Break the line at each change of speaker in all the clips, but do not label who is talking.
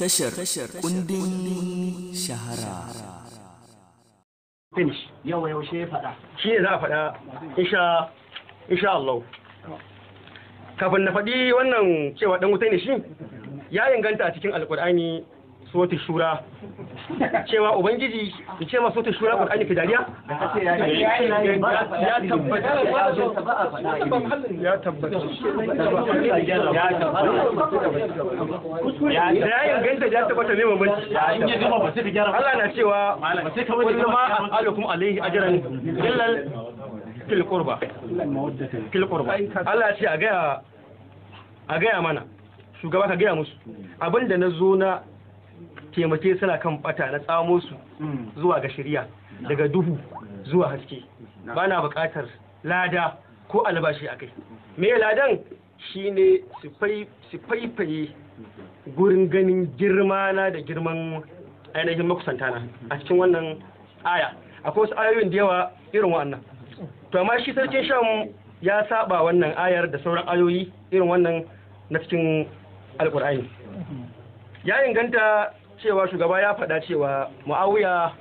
tashar kundin shahara finish ya faɗa shi ne za a faɗa insha Allah kafin na faɗi wannan cewa ɗan wuta ne shi ya inganta a cikin alkur'ani sote shura cewa ubangiji ya ce masu sote shura qur'ani ke dariya ya tabbata ya tabbata
ya ya tabbata ne mamanci Allah na cewa kullu ma as'alukum
alaihi ajran illa kil qurba Allah ce a gaya a gaya mana shugaba ka gaya musu abinda na zo na taimake suna kan bata na tsamo su hmm. zuwa ga shirya daga duhu hmm. zuwa haske ba na buƙatar lada ko albashi a kai me ladan shi ne su faifaye gurin ganin girma na da girman ainihin makusantana a cikin wannan aya akwai wasu ayoyin da yawa irin wannan to amma shi sarkin sham ya saba wannan ayar da sauran ayoyi irin wannan na cikin alkur'ani ya inganta cewa shugaba ya faɗa cewa mu'awiya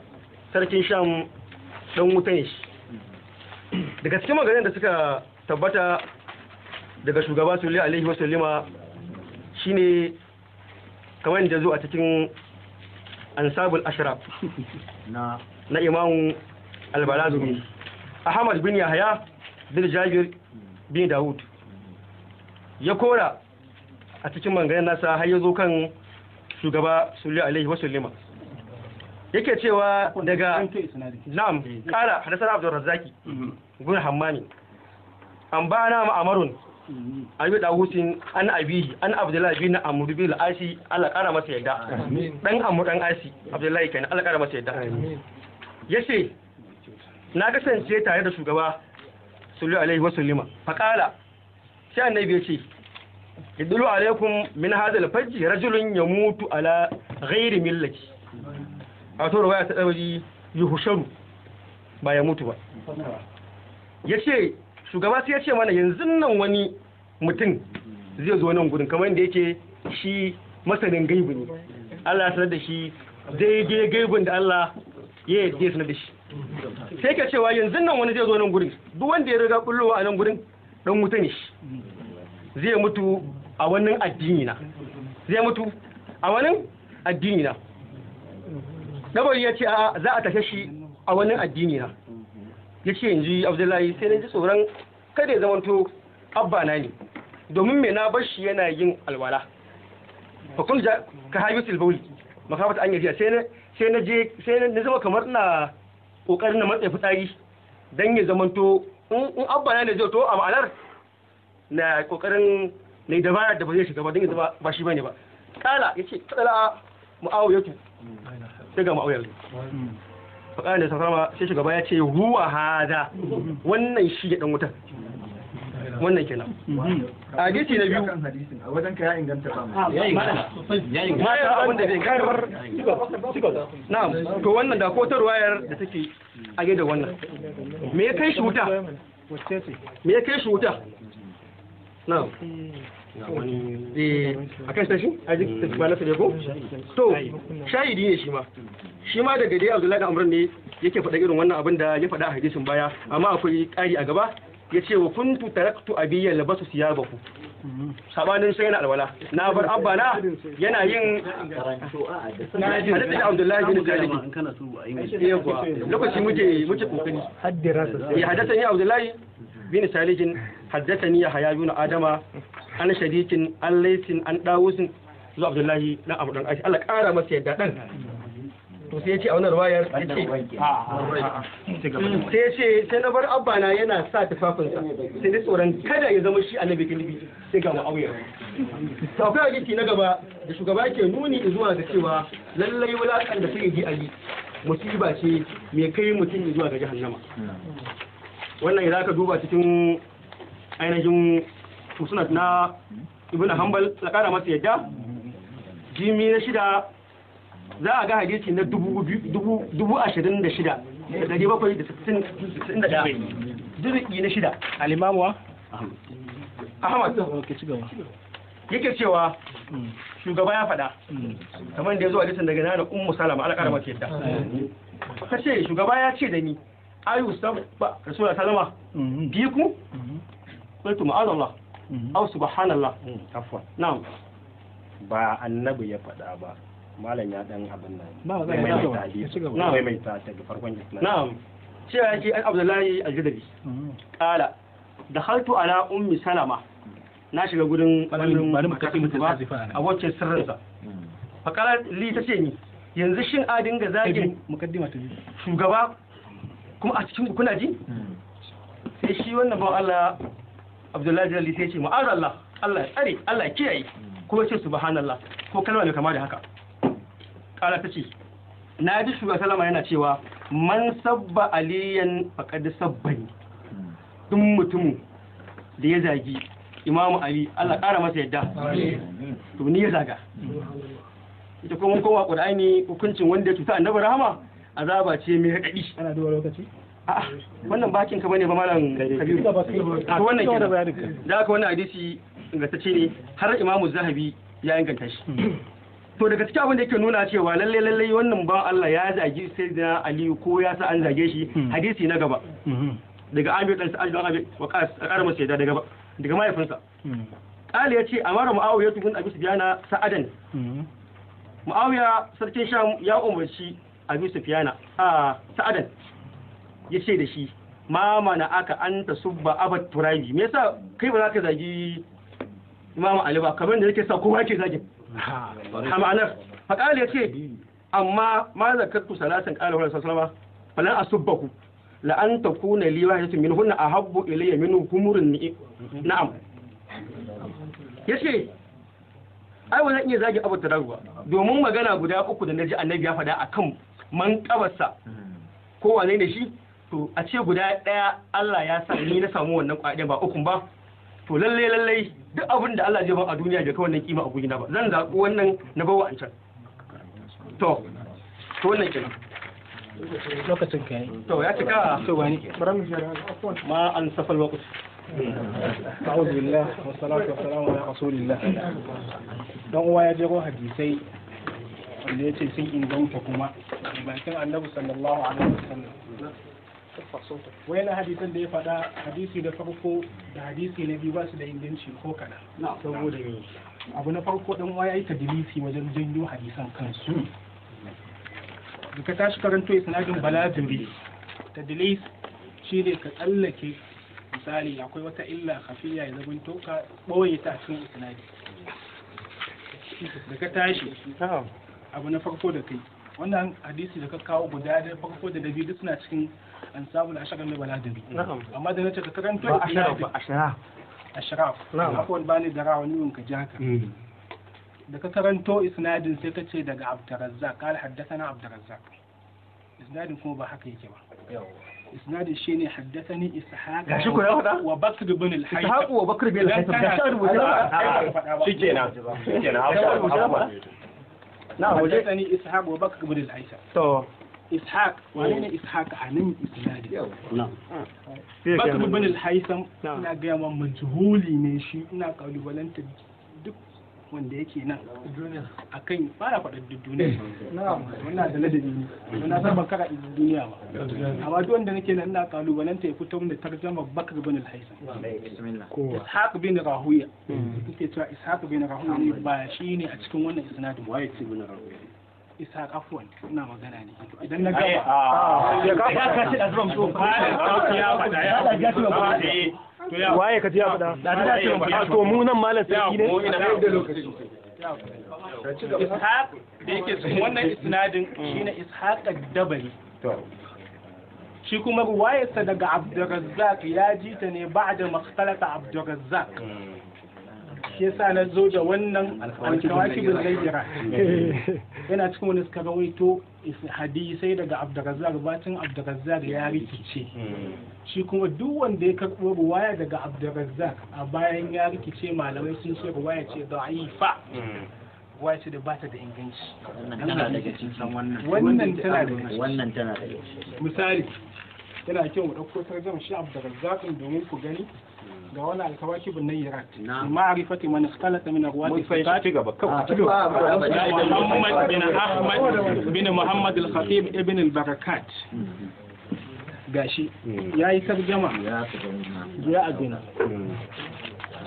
sarkin sham ɗan wuta shi daga cikin maganin da suka tabbata daga shugaba sulli alaihi wa sallima shine kamar da zo a cikin ansabul ashraf
na
na imamu albalazumi ahmad bin yahya bin jabir bin dawud ya kora a cikin maganin nasa har ya zo kan shugaba sallallahu alaihi wasallama yake cewa daga na'am kara hadasana abdul razzaki gun hammami an na ma'amarun da dawusin an abihi an abdullahi bin amr bin al-asi Allah kara masa yadda dan amr dan ashi abdullahi kenan Allah kara masa yadda yace na kasance tare da shugaba sallallahu alaihi wasallama fa kala sai annabi ya ce idulu alaikum min hadal fajji rajulun ya mutu ala ghairi millati a to ruwaya ta dabari yuhusharu ba ya mutu ba yace shugaba sai yace mana yanzu nan wani mutum zai zo nan gurin kamar yadda yake shi masanin gaibu ne Allah ya sanar da shi daidai gaibun da Allah ya yi sanar da shi sai ka cewa yanzu nan wani zai zo nan gurin duk wanda ya riga kullowa a nan gurin dan mutane shi zai mutu a wannan addini na zai mutu a wannan addini na gabari ya ce a za a tashe shi a wannan addini na ya ce yanzu abdullahi sai na ji tsoron kada ya zamanto abba na ne domin me na bar shi yana yin alwala hukun da ka hayu silbauli makafata an yafiya sai na je sai na zama kamar na kokarin na matsayi fitsari dan ya zamanto in abba na ne zai to a ma'anar na kokarin ne dabara da ba zai shiga ba don yanzu ba shi bane ba kala yace kala mu'awiyatu sai ga mu'awiyatu faƙa da safama sai shugaba ya ce huwa hada wannan shi ya dan wutar wannan kenan hadisi na biyu a wajen ka ya inganta ba ya inganta mata abin da zai karar na'am to wannan da ko tarwayar da take a da wannan
me ya kai shi wuta
me ya kai shi wuta na'am eh, a kan shi a jikin na sabe ko to shahidi ne shi ma shi ma daga dai abdullahi amr ne yake faɗa irin wannan abin da ya faɗa a hadisin baya amma akwai ƙari a gaba ya ce wa kuntu taraktu abiyya labasu siyabahu sabanin sai na alwala na bar abba na yana yin hadisi da abdullahi bin jalili lokaci muke muke kokari ya hadasa ni abdullahi bin salijin haddathani yahya ibn adama an shadikin an laysin an dawusin zuwa abdullahi dan abu dan aishi Allah kara masa yadda dan to sai ya ce a wannan ruwayar ya ce sai ya ce sai na bar abba na yana sa tufafinsa sai dai tsoron kada ya zama shi annabi gilbi sai ga ma'auya to akwai hadisi na gaba da shugaba ke nuni zuwa ga cewa lallai wulakan da sai ji ali musiba ce mai kai mutum zuwa ga jahannama wannan idan ka duba cikin ainihin musnad na ibn hanbal da kara masa yadda jimi na shida za a ga hadisi na dubu ashirin da shida da dari bakwai da sittin da
ɗaya
na shida alimamuwa ahmad yake cewa mm. shugaba ya faɗa mm. kamar da ya zo a jisun daga nanar umu salama ala kara masa yadda mm. ta ce shugaba ya ce da ni ayu ba rasulullah salama ku qultu ma'azallah mhm. aw subhanallah mm, afwan na'am ba annabi ya fada ba malam ya dan abin nan ba zai mai tadi mai mai ta daga farkon islam na'am cewa yake an abdullahi al-judabi mm. qala dakhaltu ala ummi salama na shiga gudun a wacce sirrinsa mm. fakara li ta ce ni yanzu shin a dinga zagin shugaba kuma a cikin kuna ji sai shi wannan ba Allah abdullahi jalali sai ce ma'azallah Allah ya tsare Allah ya kiyaye kuma ce subhanallah ko kalma mai kama da haka Ƙara ta ce na ji shugaba salama yana cewa man sabba aliyan faqad sabbani duk mutumin da ya zagi imamu ali Allah kara masa yadda to ni ya zaga ita kuma kowa qur'ani hukuncin wanda ya cuta annabi rahama azaba ce mai raɗaɗi ana lokaci wannan bakin ka bane ba malam kabiru to wannan kenan da haka wannan hadisi ce ne har imamu zahabi ya inganta shi to daga cikin abin da yake nuna cewa lalle lalle wannan ban Allah ya zagi sayyidina Ali ko ya sa an zage shi hmm. hadisi na gaba hmm. daga Amir dan Sa'ad dan Abi Waqas arma sayyida gaba daga mahaifinsa hmm. Ali ya ce mara Muawiya tun Abi Sufyana sa'adan Muawiya sarkin Sham ya umarci abisu Sufyana a sa'adan ya ce da shi ma mana aka an ta subba abad turabi me yasa kai ba za ka zagi imamu ali ba kamar da yake sa kowa ke zagi
a ma'anar
faƙal ya ce hmm. amma ma zakartu salatin ƙala wa sallama falan asubbaku la an takuna li wahidatin minhunna ahabbu ilayya min humurin na'am yace ai wannan iya zagi abu ba domin magana guda uku da naji annabi ya faɗa akan man ƙabarsa hmm. ko wane ne shi to a ce guda ɗaya Allah ya sa ni na samu wannan ƙwaɗin ba ukun ba to lalle lalle duk abin da Allah zai ba a duniya bai kai wannan kima a gugina ba zan zaɓi wannan na bawa an can to to wannan kenan
lokacin kai to ya cika to wani ma an safal waqt أعوذ wa salatu wa على ala rasulillah don uwa ya je go hadisai wanda ya ce sun inganta kuma bakin annabi sallallahu alaihi wasallam wayan hadisan da ya faɗa hadisi da farko da hadisi na biyu ba su da inganci ko kana saboda abu na farko dan waya yi dilisi wajen janyo hadisan kansu da ka tashi karanto isnadin ta tadilis shi ne ka tsallake misali akwai wata illa hafiya ya zagunto toka ɓoye ta cikin isnadi da ka tashi abu na farko da kai wannan hadisi da ka kawo guda da farko da dabi duk suna cikin an samu da ashirar na baladari amma da nace ka karanto da ba ashraf ashraf akwai bani da rawani yun ka jaka da ka karanto isnadin sai ka ce daga abdurrazzaq qala haddathana abdurrazzaq isnadin kuma ba haka yake ba isnadin shine haddathani ishaq gashi ku ya faɗa wa bakr ibn al-haytham ishaq wa bakr ibn al-haytham da shi rubuta shikenan shikenan na'am waje ishaq wa bakr ibn al-haytham to ishaq wane ne oh. ishaq a nan isnadi bakar bin al-haitham ina gaya ma majhuli ne shi ina kalubalanta duk wanda yake nan a kan fara faɗar duk duniya eh. wannan da ladabi ne na san ban kara duk duniya ba amma duk wanda nake nan ina kalubalanta ya fito da tarjama bakar bin al-haitham ishaq bin rahuya hmm. yake cewa ishaq bin rahuya ba shi ne a cikin wannan isnadin waye ce bin rahuya isa afwan ina magana ne idan na gaba ah. ah, ya ka ka ce to ya fada ya fada ya waye ka ji ya da ta ce to mu nan malam sarki ne mu ina da lokaci ishaq da yake wannan isnadin shine ishaq ad-dabari shi kuma sa daga abdurrazzaq ya ji ta ne ba'da makhtalata abdurrazzaq hmm. shi yasa na zo da wannan alkawaki bin zaijira yana cikin wani suka rawaito hadisai daga abdurrazzar bacin abdurrazzar ya rikice hmm. shi kuma duk wanda ya karɓo ruwaya daga abdurrazzar a bayan ya rikice malamai sun ce ruwaya ce da'ifa hmm. ruwaya ce da bata da inganci wannan tana da wannan tana da misali yana kyau mu ɗauko tarjama shi abdurrazzar domin ku gani ga wani wala alkawaki bin nayyarat ma'rifati man ikhtalafa min arwat sifat ah, Muhammad bin Ahmad bin Muhammad al-Khatib ibn al-Barakat mm-hmm. gashi mm. yayi tarjama ya adina mm.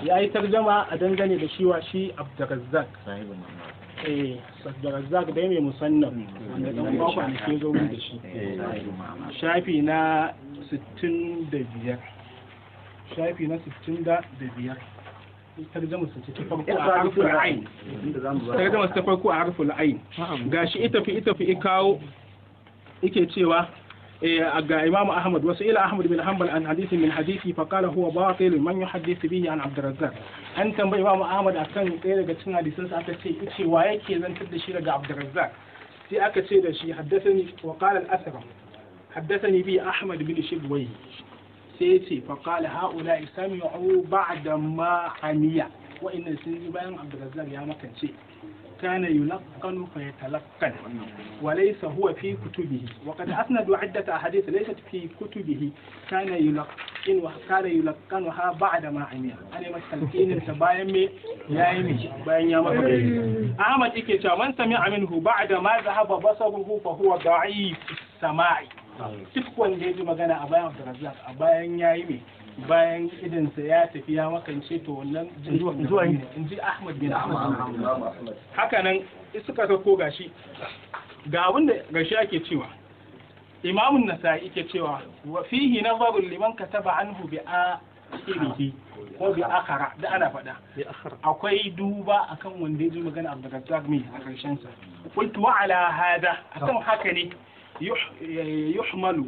yayi tarjama a dangane da shi wa shi Abdurrazzaq eh Abdurrazzaq dai mai musannaf wanda dan ba ne ke zo da shi eh, shafi na 65 shafi na 65 tarjama su ta farko a harful ayin gashi ita fi ita fi kawo ike cewa eh, ga Imam Ahmad wasu ila Ahmad bin Hanbal an hadisi min hadisi fa qala huwa batil man yuhaddithu bihi an Abd Razzaq an tambayi Imam Ahmad akan ɗaya daga cikin hadisin sa aka ce ce wa yake zantar da shi daga Abd Razzaq sai aka ce da shi haddathani wa qala al-Asram haddathani bi Ahmad bin Shibwayh sai ce faƙala ha'ula isami'u ba'da ma haniya wa'annan sun ji bayan abdurrazzaq ya makance كان يلقن فيتلقن وليس هو في كتبه وقد أسندوا عدة أحاديث ليست في كتبه كان يلقن وكان يلقنها بعد ما عمي أنا ما تلقين تباين يا إمي باين يا أحمد إكي من سمع منه بعد ما ذهب بصره فهو ضعيف السماعي duk wanda ya ji magana a bayan abdurrazzaq a bayan ya yi mai bayan idinsa ya tafi ya makance to wannan zuwa in ji ahmad bin ahmad haka nan suka koga shi ga abin da gashi ake cewa imamun nasa ke cewa wa fihi nazarun liman ka taba, an hube a irihi ko bi akara da ana faɗa akwai duba akan wanda ya ji magana abdurrazzaq mai a karshen sa kultuwa ala hada akan haka ne Eh, yuhmalu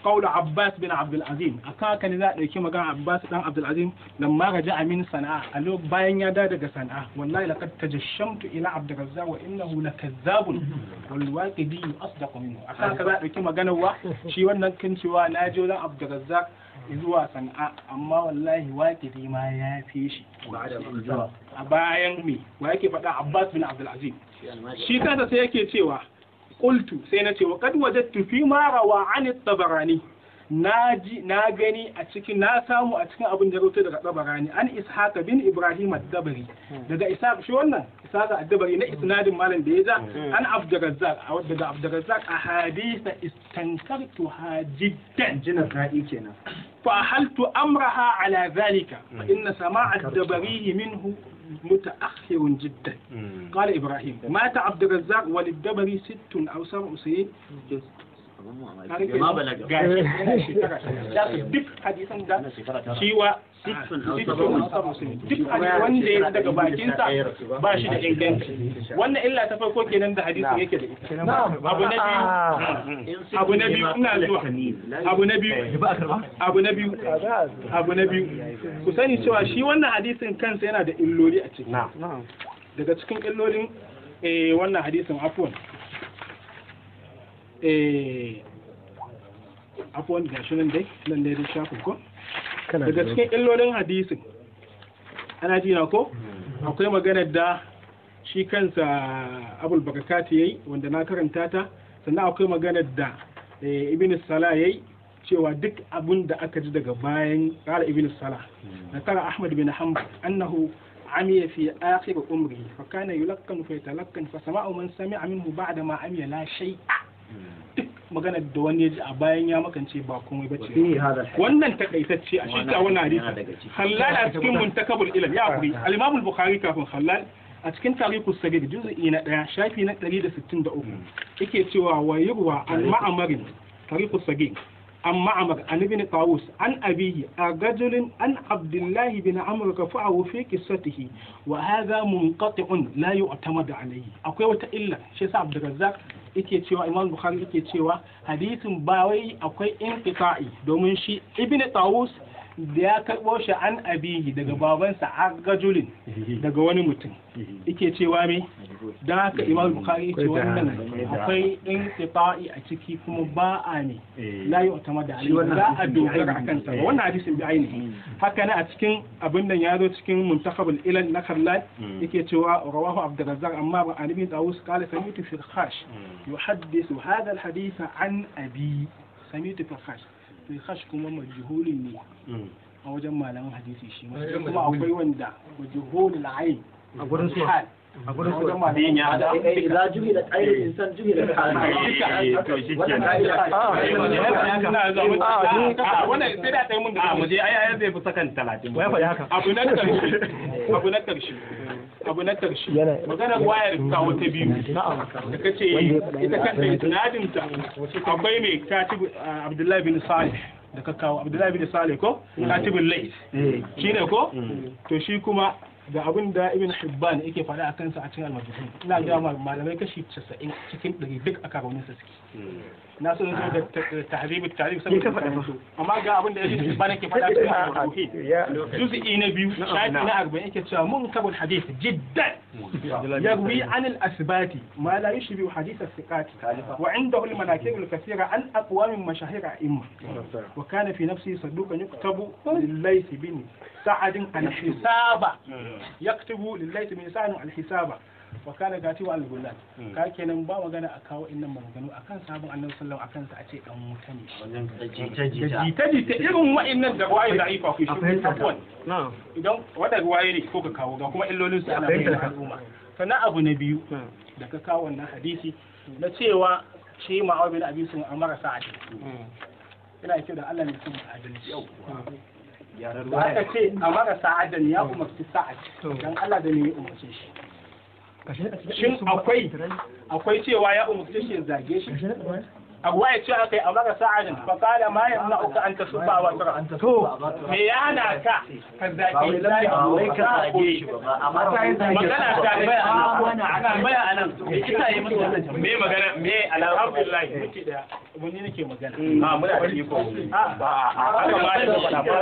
qawlu Abbas bin Abdul Azim haka ne za a dauki magana Abbas dan Abdul Azim ji raja min sana'a a lo bayan ya da daga sana'a wallahi laqad tajashamtu ila Abdul Razzaq wa innahu lakazzabun wal waqidi asdaqu minhu akan haka za a dauki magana wa shi wannan kin cewa na je dan Abdul Razzaq zuwa sana'a amma wallahi waqidi ma ya fi shi a bayan me wa yake faɗa Abbas bin Abdul Azim shi kansa sai yake cewa qultu sai na ce wa qad wajadtu fi ma rawa an at-tabarani naji na gani a cikin na samu a cikin abin da rawaito daga tabarani an ishaqa bin ibrahim ad-dabari daga ishaq shi wannan ishaq ad na isnadin malam da yaza an abdurrazzaq a wadda abdurrazzaq a hadisa istankartu hajiddan kenan fa haltu amraha ala zalika fa inna sama'a ad-dabari minhu متأخر جدا قال إبراهيم مات عبد الرزاق وللدبري ست أو سبع سنين abun mamaki bai ma balaga duk hadisan da ciwa duk wanda ya daga bakinsa ba shi da inganci wannan illa ta farko kenan da hadisin yake da abu na biyu abu na biyu ina zuwa abu na biyu abu na biyu abu na biyu ku sani cewa shi wannan hadisin kansa yana da illoli a ciki daga cikin illolin wannan hadisin afwan eh afuwan gashi nan dai nan ne shafin ko daga cikin illolin hadisin ana jina ko akwai maganar da shi kansa abul bakakati yayi wanda na karanta ta sannan akwai maganar da eh, ibn sala yayi cewa duk abin da aka ji daga bayan qala ibn sala na tara ahmad bin hanbal annahu عمي في آخر عمره فكان يلقن فيتلقن فسماع من سمع منه بعد ma عمي لا شيء duk magana da wani ya ji a bayan ya makance ba komai ba ce wannan takaitacce a shi ta wannan hadisi halal a cikin muntakabul ilm ya kuri al-imam bukhari kafin halal a cikin tariku da juz'i na ɗaya shafi na 163 hmm. yake cewa wa yurwa al-ma'amarin tariku sagir an ma'amaka an ibn qawus an abihi a gajulin an abdullahi bin amr ka fa fi qissatihi wa hadha munqati'un la yu'tamadu alayhi akwai wata illa shi yasa abdurrazzaq yake cewa imam bukhari yake cewa hadithun ba wai akwai inqita'i domin shi ibn qawus da ya karɓo shi an abihi daga mm-hmm. babansa an gajulin mm-hmm. daga wani mutum ike mm-hmm. cewa me don haka imam bukari ce wannan akwai ɗin tifa'i a ciki kuma ba a ne eh. la yi otama da alayhi za a dogara a kansa ba wannan eh. hadisin bi ainihi mm. haka ne a cikin abin da ya zo cikin muntakabul ilan na kallan mm. yake cewa rawahu abdurrazzaq amma ba anabi tawus qala sami'tu firkhash mm. yuhaddisu hadha alhadith an abi sami'tu firkhash sihash kuma majhulin ne hmm. a wajen malaman hadisi shi kuma akwai wanda majhulul layi a gurin su a wajen eh, da a eh, ah, eh, ah, ah, ai fi sakan abu na karshe maganar wayar kawo ta biyu da kace ita kanta isnadin ta akwai mai Abdullahi bin Salih da ka kawo Abdullahi bin Salih ko mm. Lais shine ko mm. to shi kuma da abin da ibn hibban yake faɗa a kansa a cikin almajihun ina ga malamai kashi 90 cikin 100 duk a karonin sa suke na so zo da tahribi tarif saboda su amma ga abin da ibn hibban yake faɗa a cikin almajihun juz'i na biyu shafi na 40 yake cewa mun kabul hadith jiddan yarwi an al asbati ma la yushbi hadith as-siqat wa indahu al-manakib al-kathira an aqwam mashahir a'imma wa kana fi nafsi saduqan yuktabu lil bin sa'adin al-hisaba yaktubu lillahi min sa'an al-hisaba wa kana gatiwa wa gullat hmm. ka kenan ba magana a kawo innan maganganu akan sabon annabi sallallahu akan sa a ce dan wuta ne jita jita irin wa'annan da waye da ifa ku shi kafwan idan wanda waye ne ko ka kawo ga kuma illolin su ana bayyana al'umma sannan abu na biyu hmm. da ka kawo wannan hadisi na cewa shi ma'awabin abisun a marasa adalci hmm. ina kyau da Allah ne sun adalci aka ce a marasa sa'adan ya umarci sa'ad don Allah da ne ya umarce shi shin akwai akwai cewa ya umarce shi ya zage shi Hawwa ya ce aka yi a mara sa'adin ka da ma ya na uka an ta suba wa tura. To me ya ka ka zaki zaki wai ka zage shi ta yi ta yi magana me alhamdulillah da mun nake magana. A muna da iko. ba a haka ma da ba.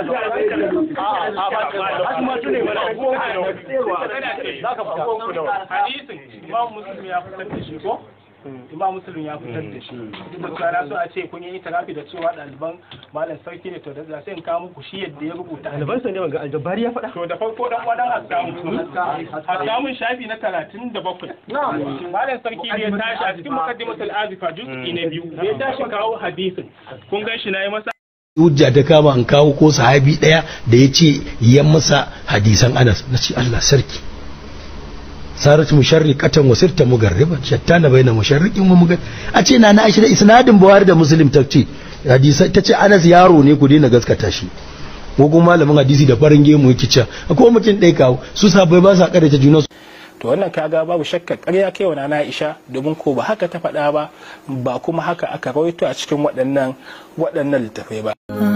A ba ta ba. ya imam musulun ya fitar da shi duk da na so a ce kun yi itirafi da cewa ɗaliban malam sarki ne to da za in kawo muku shi yadda ya rubuta ɗaliban sa ne ga aljabari ya faɗa to da farko dan wadan samun shafi na 37 malam sarki ne ya tashi a cikin muqaddimatul azifa juz'i na biyu mm. ya tashi kawo hadisin kun ga shi nayi masa hujja ta kama an kawo ko sahabi ɗaya da ya ce ya masa hadisan anas na ce allah sarki sarat musharriqatan wa sirta mugarriban shattana
baina musharriqin wa mugar a ce na na aisha da isnadin buhari da muslim tace hadisi tace
anas yaro ne ku daina gaskata shi ko malamin hadisi da farin gemu yake cewa akwai mutum ɗaya kawo su sabai ba sa kada ta juna to wannan kaga babu shakka ƙarya kai wa na Aisha domin ko ba haka ta faɗa ba ba kuma haka aka rawaito a cikin waɗannan waɗannan littafai ba